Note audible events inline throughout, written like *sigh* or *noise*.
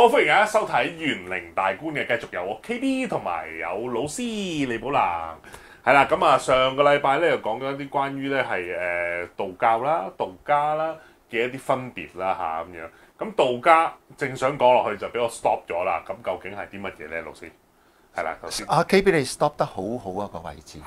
我歡迎大家收睇《玄靈大觀》嘅繼續，有我 KB 同埋有老師李寶能，係啦。咁啊，上個禮拜咧又講咗啲關於咧係誒道教啦、道家啦嘅一啲分別啦嚇咁樣。咁道家正想講落去就俾我 stop 咗啦。咁究竟係啲乜嘢咧，老師？係啦，阿、啊、KB 你 stop 得好好啊個位置，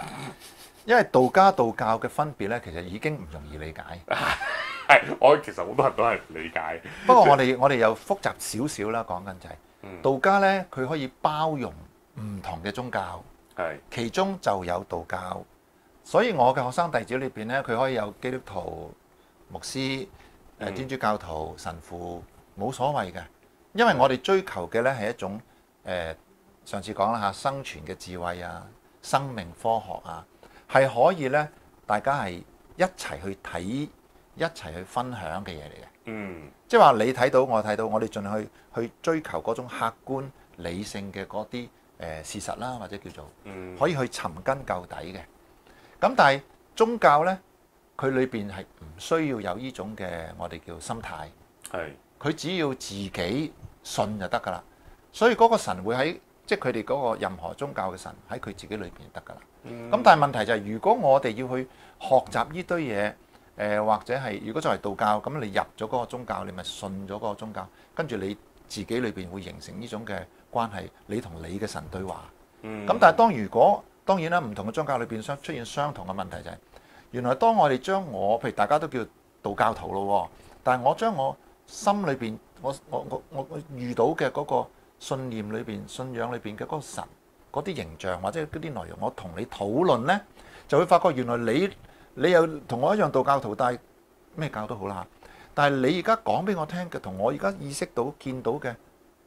因為道家道教嘅分別咧，其實已經唔容易理解。 *laughs* 我其實好多人都係唔理解。不過我哋 *laughs* 我哋又複雜少少啦，講緊就係道家呢，佢可以包容唔同嘅宗教，是的 其中就有道教。所以我嘅學生弟子裏邊呢，佢可以有基督徒、牧師、誒、呃、天主教徒、神父，冇所謂嘅，因為我哋追求嘅呢係一種誒、呃，上次講啦吓，生存嘅智慧啊，生命科學啊，係可以呢，大家係一齊去睇。一齊去分享嘅嘢嚟嘅，嗯、即係話你睇到我睇到，我哋盡去去追求嗰種客觀理性嘅嗰啲誒事實啦，或者叫做、嗯、可以去尋根究底嘅。咁但係宗教呢，佢裏邊係唔需要有呢種嘅我哋叫心態，佢是只要自己信就得噶啦。所以嗰個神會喺即係佢哋嗰個任何宗教嘅神喺佢自己裏邊就得噶啦。咁、嗯、但係問題就係、是，如果我哋要去學習呢堆嘢。誒、呃、或者係，如果作為道教咁，你入咗嗰個宗教，你咪信咗嗰個宗教，跟住你自己裏邊會形成呢種嘅關係，你同你嘅神對話。咁、嗯、但係當如果當然啦，唔同嘅宗教裏邊相出現相同嘅問題就係、是，原來當我哋將我，譬如大家都叫道教徒咯，但係我將我心裏邊我我我我遇到嘅嗰個信念裏邊信仰裏邊嘅嗰個神嗰啲形象或者嗰啲內容，我同你討論呢，就會發覺原來你。你又同我一樣道教徒，但係咩教都好啦嚇。但係你而家講俾我聽嘅，同我而家意識到、見到嘅，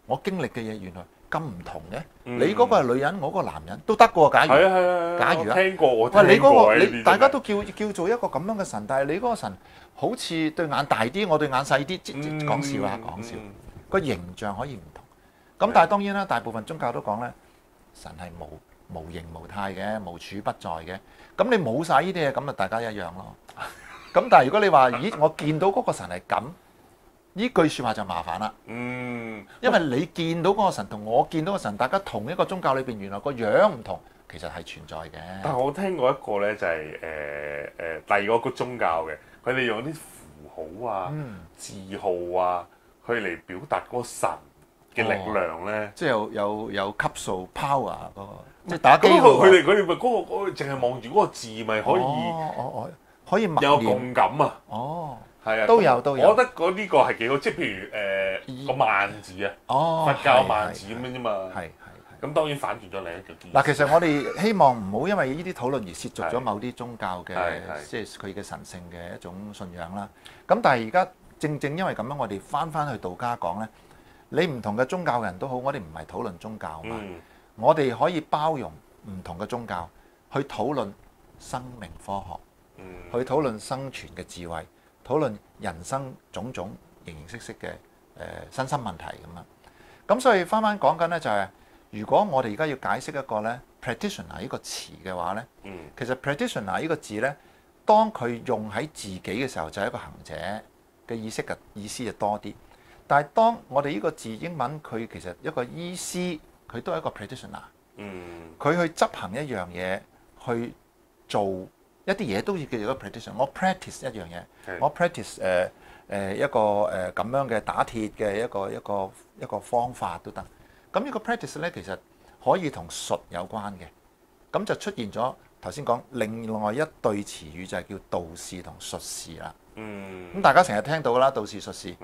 我經歷嘅嘢，原來咁唔同嘅。嗯、你嗰個係女人，我個男人，都得噶。假如、嗯嗯、假如聽過我聽過你嗰、嗰個、你大家都叫叫做一個咁樣嘅神，但係你嗰個神好似對眼大啲，我對眼細啲。嗯、講笑啊，講笑。嗯嗯、個形象可以唔同。咁但係當然啦，大部分宗教都講咧，神係冇。無形無態嘅，無處不在嘅。咁你冇晒呢啲嘢，咁啊，大家一樣咯。咁但係如果你話，咦，我見到嗰個神係咁，呢句說話就麻煩啦。嗯，因為你見到嗰個神同我見到個神，大家同一個宗教裏邊，原來個樣唔同，其實係存在嘅。但我聽過一個呢、就是，就係誒誒，第、呃、二個宗教嘅，佢哋用啲符號啊、字號、嗯、啊，去嚟表達嗰個神嘅力量呢，哦、即係有有有,有級數 power、嗰個。即係打機，佢哋佢哋咪嗰個嗰個淨係望住嗰個字咪可以哦哦哦，可以有共感啊哦，係啊，都有都有。我覺得嗰呢個係幾好，即係譬如誒個萬字啊，佛教萬字咁樣啫嘛，係係係。咁當然反轉咗另一條。嗱，其實我哋希望唔好因為呢啲討論而涉足咗某啲宗教嘅，即係佢嘅神聖嘅一種信仰啦。咁但係而家正正因為咁樣，我哋翻翻去道家講咧，你唔同嘅宗教人都好，我哋唔係討論宗教嘛。我哋可以包容唔同嘅宗教去討論生命科學，去討論生存嘅智慧，討論人生種種形形色色嘅誒、呃、身心問題咁樣！咁所以翻翻講緊咧，就係、是、如果我哋而家要解釋一個咧 practitioner 呢 Pract、er、個詞嘅話咧，其實 practitioner 呢個字咧，當佢用喺自己嘅時候，就係、是、一個行者嘅意識嘅意思就多啲。但係當我哋呢個字英文佢其實一個醫師。佢都係一個 practitioner，佢、嗯、去執行一樣嘢，去做一啲嘢都要叫做一個 practitioner，我 practice 一樣嘢，是的 我 practice 誒、呃、誒、呃、一個誒咁、呃、樣嘅打鐵嘅一個一個一個方法都得。咁呢個 practice 咧，其實可以同術有關嘅。咁就出現咗頭先講另外一對詞語，就係、是、叫道士同術士啦。咁、嗯、大家成日聽到啦，道士術士。咁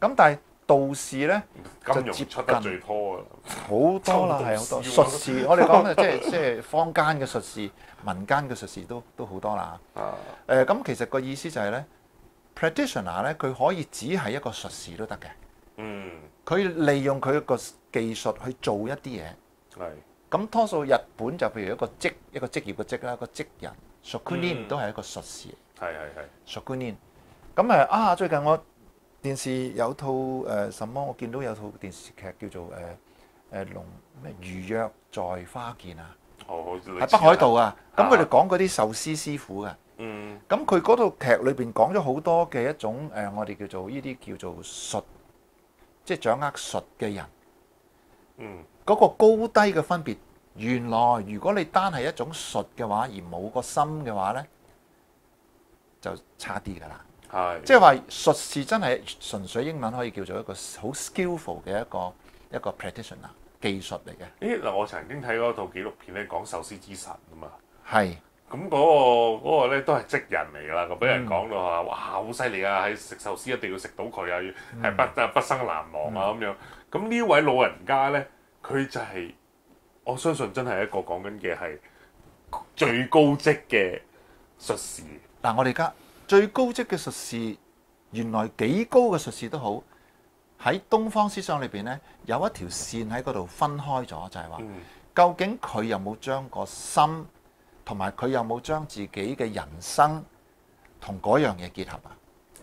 的但係。道士咧就接觸得最多啊。好多啦，係好多術士。或者 *laughs* 我哋講即係即係坊間嘅術士、民間嘅術士都都好多啦。誒咁、啊、其實個意思就係咧，practitioner 咧佢可以只係一個術士都得嘅。嗯，佢利用佢個技術去做一啲嘢。係咁、嗯、多數日本就譬如一個職一個職業嘅職啦，個職人 shokunin 都係一個術士。係係係 shokunin。咁誒啊！最近我電視有套誒什麼？我見到有套電視劇叫做誒誒龍咩？如約在花見啊！喺北海道啊，咁佢哋講嗰啲壽司師傅噶。嗯。咁佢嗰套劇裏邊講咗好多嘅一種誒，我哋叫做呢啲叫做術，即係掌握術嘅人。嗯。嗰個高低嘅分別，原來如果你單係一種術嘅話，而冇個心嘅話咧，就差啲㗎喇。係，是即係話術士真係純粹英文可以叫做一個好 skillful 嘅一個一個 practitioner 技術嚟嘅。咦嗱，我曾經睇過套紀錄片咧，講壽司之神啊嘛。係是，咁嗰、那個嗰咧、那個、都係職人嚟㗎喇。咁俾人講到話，嗯、哇好犀利啊！喺食壽司一定要食到佢啊，係、嗯、不不生難忘啊咁、嗯嗯、樣。咁呢位老人家咧，佢就係、是、我相信真係一個講緊嘅係最高職嘅術士。嗱，我哋而家。最高職嘅術士，原來幾高嘅術士都好，喺東方思想裏邊呢，有一條線喺嗰度分開咗，就係、是、話、嗯、究竟佢有冇將個心同埋佢有冇將自己嘅人生同嗰樣嘢結合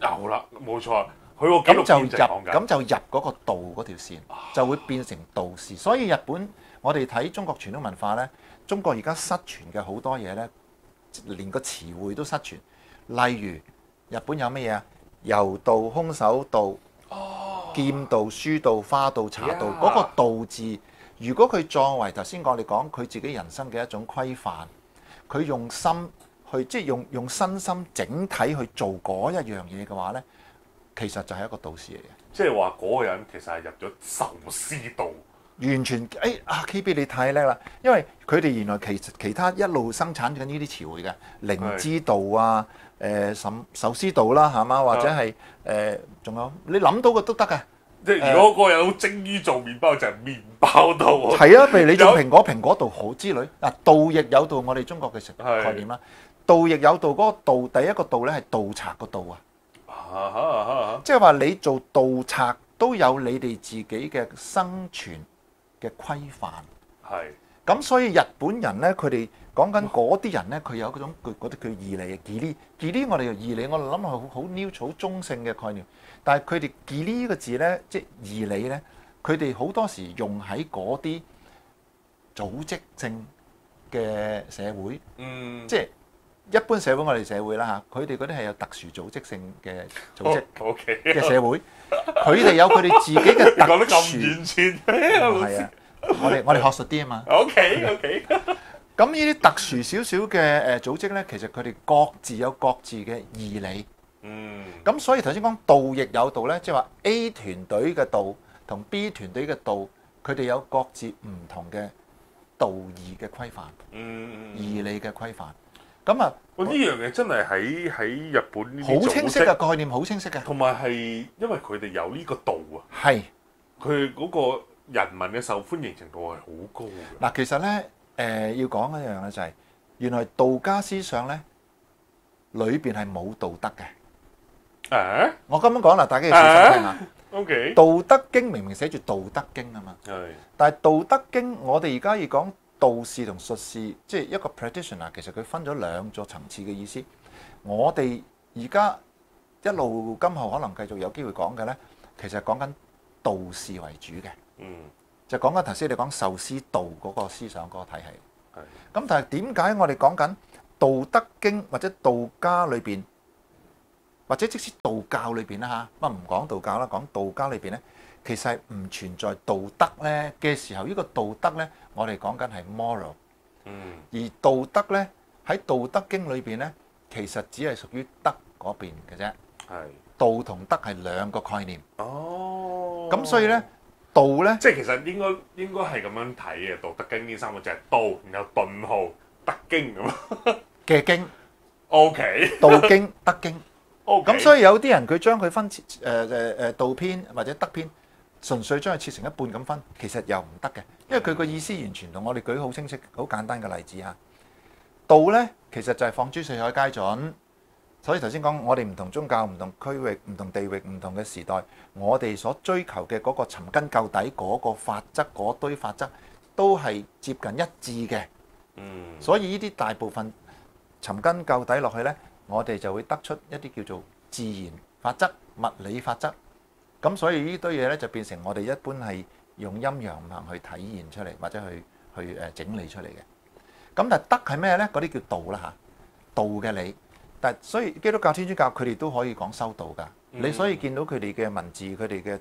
啊？有啦，冇錯，佢個就咁就入咁、嗯、就入嗰個道嗰條線，啊、就會變成道士。所以日本我哋睇中國傳統文化呢，中國而家失傳嘅好多嘢呢，連個詞彙都失傳。例如日本有乜嘢啊？柔道、空手道、oh, 劍道、書道、花道、茶道，嗰 Yeah. 個道字，如果佢作為頭先你講佢自己人生嘅一種規範，佢用心，去即係用用身心整體去做嗰一樣嘢嘅話咧，其實就係一個道士嚟嘅。即係話嗰個人其實係入咗壽司道，完全誒、哎、啊！K B 你太叻啦，因為佢哋原來其其他一路生產緊呢啲詞彙嘅靈之道啊。誒什壽司道啦，係嘛，或者係誒仲有你諗到嘅都得嘅。即係如果個人好精於做麵包，呃、就係麵包道喎。係啊，譬如你做蘋果，有蘋果道好之類嗱，道亦有，是有道，我哋中國嘅概念啦。道亦有道，嗰個道第一個道咧係盜賊個道啊。即係話你做盜賊都有你哋自己嘅生存嘅規範，係。咁所以日本人咧，佢哋講緊嗰啲人咧，佢有嗰種嗰啲叫義理嘅義理，義理我哋叫義理，我哋諗係好 n 好 neutral 好中性嘅概念。但係佢哋義理呢個字咧，即係義理咧，佢哋好多時用喺嗰啲組織性嘅社會，嗯，即係一般社會我哋社會啦嚇，佢哋嗰啲係有特殊組織性嘅組織嘅社會，佢哋、嗯、有佢哋自己嘅特殊。講完全，係啊。我哋我哋學術啲啊嘛。OK OK。咁呢啲特殊少少嘅誒組織咧，其實佢哋各自有各自嘅義理。嗯。咁所以頭先講道亦有道咧，即係話 A 團隊嘅道同 B 團隊嘅道，佢哋有各自唔同嘅道義嘅規範。嗯。義理嘅規範。咁啊，呢樣嘢真係喺喺日本好清晰嘅概念，好清晰嘅。同埋係因為佢哋有呢個道啊。係。佢嗰個。人民嘅受歡迎程度係好高嘅嗱。其實咧，誒要講一樣咧，就係原來道家思想咧裏邊係冇道德嘅。啊？我咁樣講啦，大家要小心聽吓？O K。道德經明明寫住《道德經》啊嘛。係。但係《道德經》，我哋而家要講道士同術士，即係一個 practitioner。其實佢分咗兩座層次嘅意思。我哋而家一路今後可能繼續有機會講嘅咧，其實講緊道士為主嘅。嗯，就講緊頭先你講壽司道嗰個思想嗰個體系，咁的。但係點解我哋講緊《道德經》或者道家裏邊，或者即使道教裏邊啦嚇，乜唔講道教啦，講道家裏邊咧，其實係唔存在道德咧嘅時候，呢個道德咧的，我哋講緊係 moral，而道德咧喺《道德經》裏邊咧，其實只係屬於德嗰邊嘅啫，係的道同德係兩個概念，哦，咁所以咧。道咧，即係其實應該應該係咁樣睇嘅。《道德經》呢三個字係道，然後頓號，德經咁嘅經。O *laughs* K，道經、德經。O K，咁所以有啲人佢將佢分切誒誒誒道篇或者德篇，純粹將佢切成一半咁分，其實又唔得嘅，因為佢個意思完全同我哋舉好清晰、好簡單嘅例子啊。道咧，其實就係放諸四海皆準。所以頭先講，我哋唔同宗教、唔同區域、唔同地域、唔同嘅時代，我哋所追求嘅嗰個尋根究底嗰個法則嗰堆法則都係接近一致嘅。所以呢啲大部分尋根究底落去呢，我哋就會得出一啲叫做自然法則、物理法則。咁所以呢堆嘢呢，就變成我哋一般係用陰陽五行去體現出嚟，或者去去誒整理出嚟嘅。咁啊，德係咩呢？嗰啲叫道啦嚇，道嘅理。但所以基督教、天主教佢哋都可以講修道㗎。嗯。你所以見到佢哋嘅文字、佢哋嘅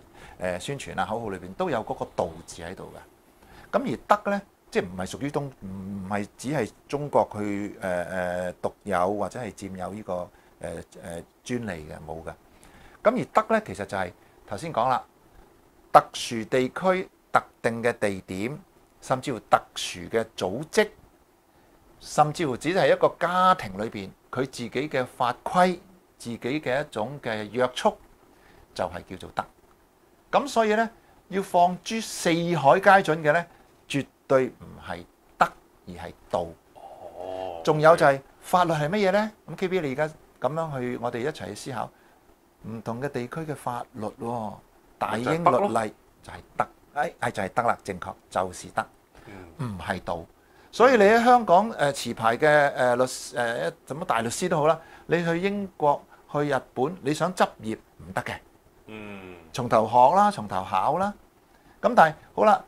誒宣傳啊、口號裏邊都有嗰個道字喺度嘅。咁而德咧，即係唔係屬於東唔係只係中國去誒誒獨有或者係佔有呢個誒誒專利嘅冇噶。咁而德咧，其實就係頭先講啦，特殊地區特定嘅地點，甚至乎特殊嘅組織，甚至乎只係一個家庭裏邊。佢自己嘅法規，自己嘅一種嘅約束，就係叫做德。咁所以咧，要放諸四海皆準嘅咧，絕對唔係德，而係道。哦。仲有就係法律係乜嘢咧？咁 KB，你而家咁樣去，我哋一齊去思考唔同嘅地區嘅法律喎。大英律例就係德，哎，係就係德啦，正確，就是德，唔係道。所以你喺香港誒、呃、持牌嘅誒律誒一什麼大律師都好啦，你去英國、去日本，你想執業唔得嘅。嗯。從頭學啦，從頭考啦。咁但係好啦，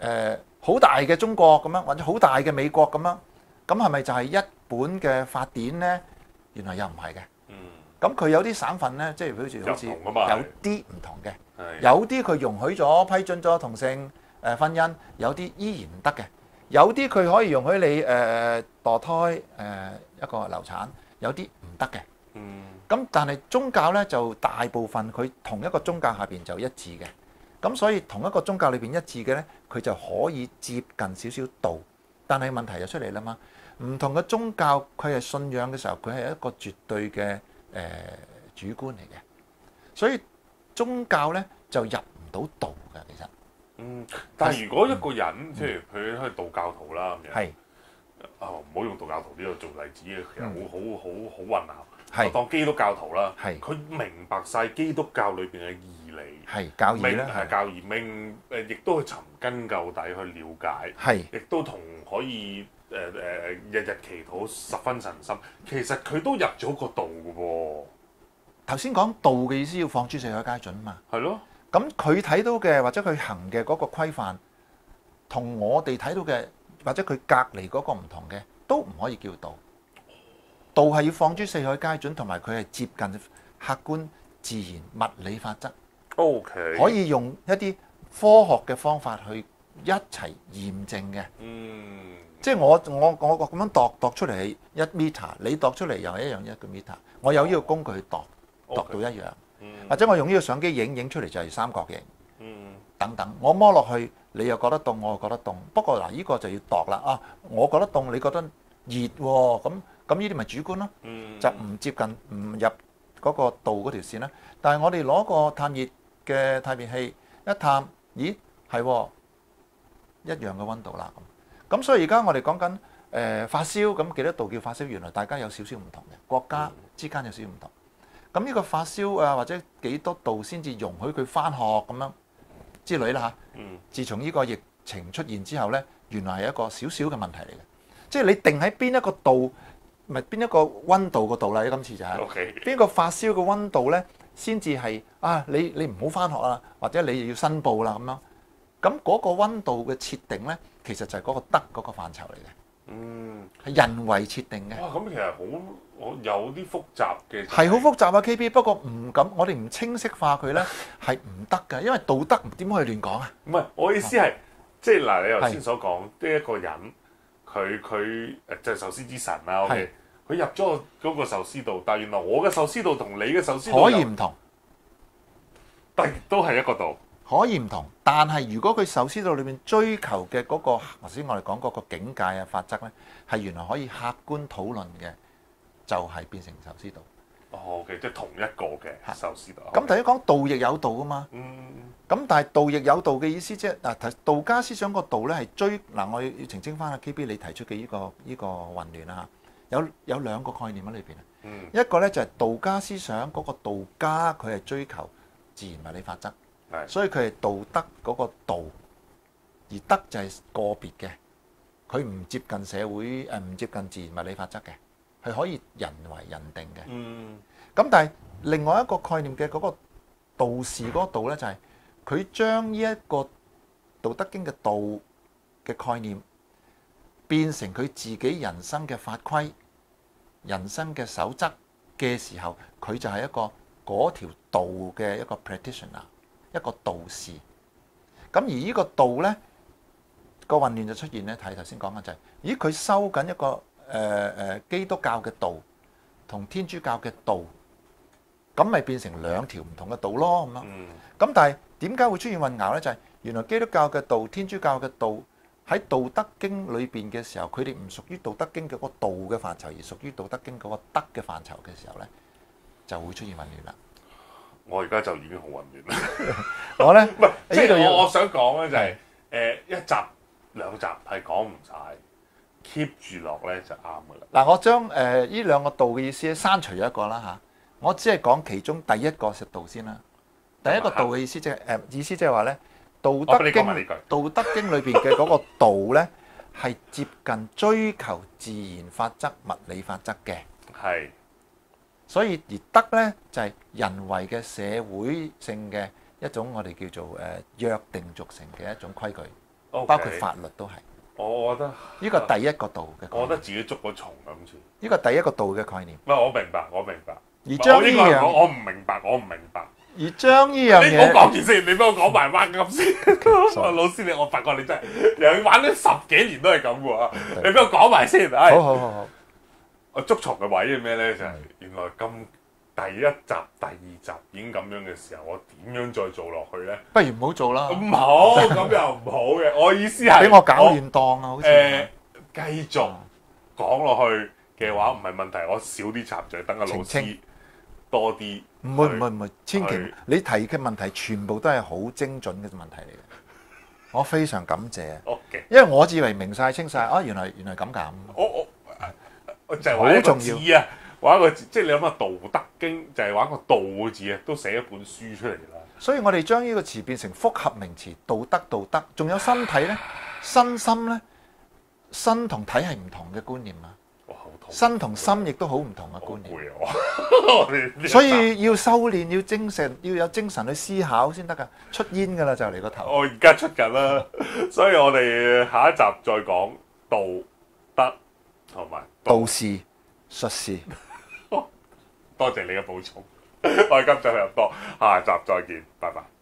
誒、呃、好大嘅中國咁樣，或者好大嘅美國咁樣，咁係咪就係一本嘅法典咧？原來又唔係嘅。嗯。咁佢有啲省份咧，即係譬如好似有啲唔同嘅。係。有啲佢容許咗批准咗同性誒、呃、婚姻，有啲依然唔得嘅。有啲佢可以容許你誒、呃、墮胎誒、呃、一個流產，有啲唔得嘅。嗯。咁但係宗教咧就大部分佢同一個宗教下邊就一致嘅。咁所以同一個宗教裏邊一致嘅咧，佢就可以接近少少道。但係問題就出嚟啦嘛，唔同嘅宗教佢係信仰嘅時候，佢係一個絕對嘅誒、呃、主觀嚟嘅。所以宗教咧就入唔到道嘅，其實。嗯，但係如果一個人即係佢係道教徒啦，係哦，唔好用道教徒呢度做例子，其實好好好好混淆。係當基督教徒啦，係佢明白晒基督教裏邊嘅義理，係教義啦，係教義明誒，亦都去尋根究底去了解，係亦都同可以誒誒日日祈禱十分神心。其實佢都入咗個道嘅喎。頭先講道嘅意思要放諸四海皆準嘛，係咯。咁佢睇到嘅或者佢行嘅嗰個規範，同我哋睇到嘅或者佢隔離嗰個唔同嘅，都唔可以叫道。道係要放諸四海皆準，同埋佢係接近客觀自然物理法則 O.K. 可以用一啲科學嘅方法去一齊驗證嘅。嗯、mm.，即係我我我我咁樣度度出嚟係一 meter，你度出嚟又係一樣一個 meter。我有呢個工具去度度 Okay. 到一樣。或者我用呢個相機影影出嚟，就係三角形，等等，我摸落去你又覺得凍，我又覺得凍。不過嗱，呢、這個就要度啦，啊，我覺得凍，你覺得熱，啊，咁咁呢啲咪主觀咯，啊，嗯、就唔接近唔入嗰個度嗰條線啦，啊。但係我哋攞個探熱嘅，探熱器一探，咦，係、啊、一樣嘅溫度啦。咁所以而家我哋講緊誒、呃、發燒咁幾多度叫發燒，原來大家有少少唔同嘅，國家之間有少少唔同。嗯咁呢個發燒啊，或者幾多度先至容許佢翻學咁樣之類啦嚇。自從呢個疫情出現之後咧，原來係一個少少嘅問題嚟嘅，即係你定喺邊一個度，唔係邊一個温度嗰度啦。今次就係，Okay，邊個發燒嘅温度咧，先至係啊，你你唔好翻學啊，或者你又要申報啦咁樣。咁嗰個温度嘅設定咧，其實就係嗰個德嗰個範疇嚟嘅。嗯，係人為設定嘅。哇，咁其實好，我有啲複雜嘅。係好複雜啊，KB，不過唔敢，我哋唔清晰化佢咧，係唔得㗎，因為道德點可以亂講啊？唔係，我意思係，嗯、即係嗱，你頭先所講，呢一是個人，佢佢誒就係壽司之神啦，OK，佢是入咗嗰個壽司道，但係原來我嘅壽司道同你嘅壽司道，壽司道可以唔同，但亦都係一個道。可以唔同，但係如果佢壽司道裏面追求嘅嗰、那個頭先我哋講嗰個境界啊、法則咧，係原來可以客觀討論嘅，就係、是、變成壽司道。哦，OK，即係同一個嘅壽司道。咁第一講道亦有道啊嘛。嗯。咁但係道亦有道嘅意思即係嗱，道家思想個道咧係追嗱、呃，我要澄清翻阿 KB 你提出嘅呢、這個依、這個混亂啊，有有兩個概念喺裏邊啊。嗯、一個咧就係道家思想嗰個道家佢係追求自然物理法則，所以佢係道德嗰個道，而德就係個別嘅，佢唔接近社會誒，唔接近自然物理法則嘅，係可以人為人定嘅。咁但係另外一個概念嘅嗰個道士嗰個道咧，就係佢將呢一個《道德經》嘅道嘅概念變成佢自己人生嘅法規、人生嘅守則嘅時候，佢就係一個嗰條道嘅一個 practitioner。一個道士，咁而呢個道呢、這個混亂就出現呢。睇頭先講嘅就係、是，咦佢收緊一個誒誒、呃、基督教嘅道同天主教嘅道，咁咪變成兩條唔同嘅道咯咁咯。咁但係點解會出現混淆呢？就係、是、原來基督教嘅道、天主教嘅道喺道德經裏邊嘅時候，佢哋唔屬於道德經嘅個道嘅範疇，而屬於道德經嗰個德嘅範疇嘅時候呢，就會出現混亂啦。我而家就已經好混亂啦！我咧唔係，即係我我想講咧就係誒一集是兩集係講唔晒 keep 住落咧就啱噶啦。嗱，我將誒呢兩個道嘅意思咧刪除咗一個啦吓，我只係講其中第一個食道先啦。第一個道嘅意思即係誒意思即係話咧，道德經道德經裏邊嘅嗰個道咧係 *laughs* 接近追求自然法則、物理法則嘅。係。所以而德呢就係人為嘅社會性嘅一種我哋叫做誒約定俗成嘅一種規矩，包括法律都係。我覺得呢個第一個道嘅概念。我覺得自己捉咗蟲咁滯。呢個第一個道嘅概念。喂，我明白，我明白。而將呢樣我唔明白，我唔明白。而將呢樣嘢，你唔好講件事，你畀我講埋完咁先。老師你，我發覺你真係，你玩咗十幾年都係咁喎。你畀我講埋先啊。好好好。捉蟲嘅位係咩咧？就係原來今第一集、第二集已經咁樣嘅時候，我點樣再做落去咧？不如唔好做啦。唔好，咁又唔好嘅。我意思係俾我搞亂檔啊，好似誒，繼續講落去嘅話唔係問題，我少啲插嘴，等阿老師多啲。唔會唔會唔會，千祈你提嘅問題全部都係好精準嘅問題嚟嘅。我非常感謝，因為我以為明晒清晒哦，原來原來咁咁。就係玩一個字啊！玩一個字，即係、就是、你諗啊，《道德經》就係、是、玩個道字啊，都寫一本書出嚟啦。所以我哋將呢個詞變成複合名詞，道德道德，仲有身體咧，身心咧，身同體係唔同嘅觀念啊！哇，好同身同心亦都好唔同嘅觀念。好攰啊、 *laughs* 所以要修練，要精神，要有精神去思考先得噶，出煙噶啦就嚟個頭。我而家出緊啦， *laughs* 所以我哋下一集再講道德同埋。道士、術士， *laughs* 多謝你嘅補充。我 *laughs* 哋今集又多，下集再見，拜拜。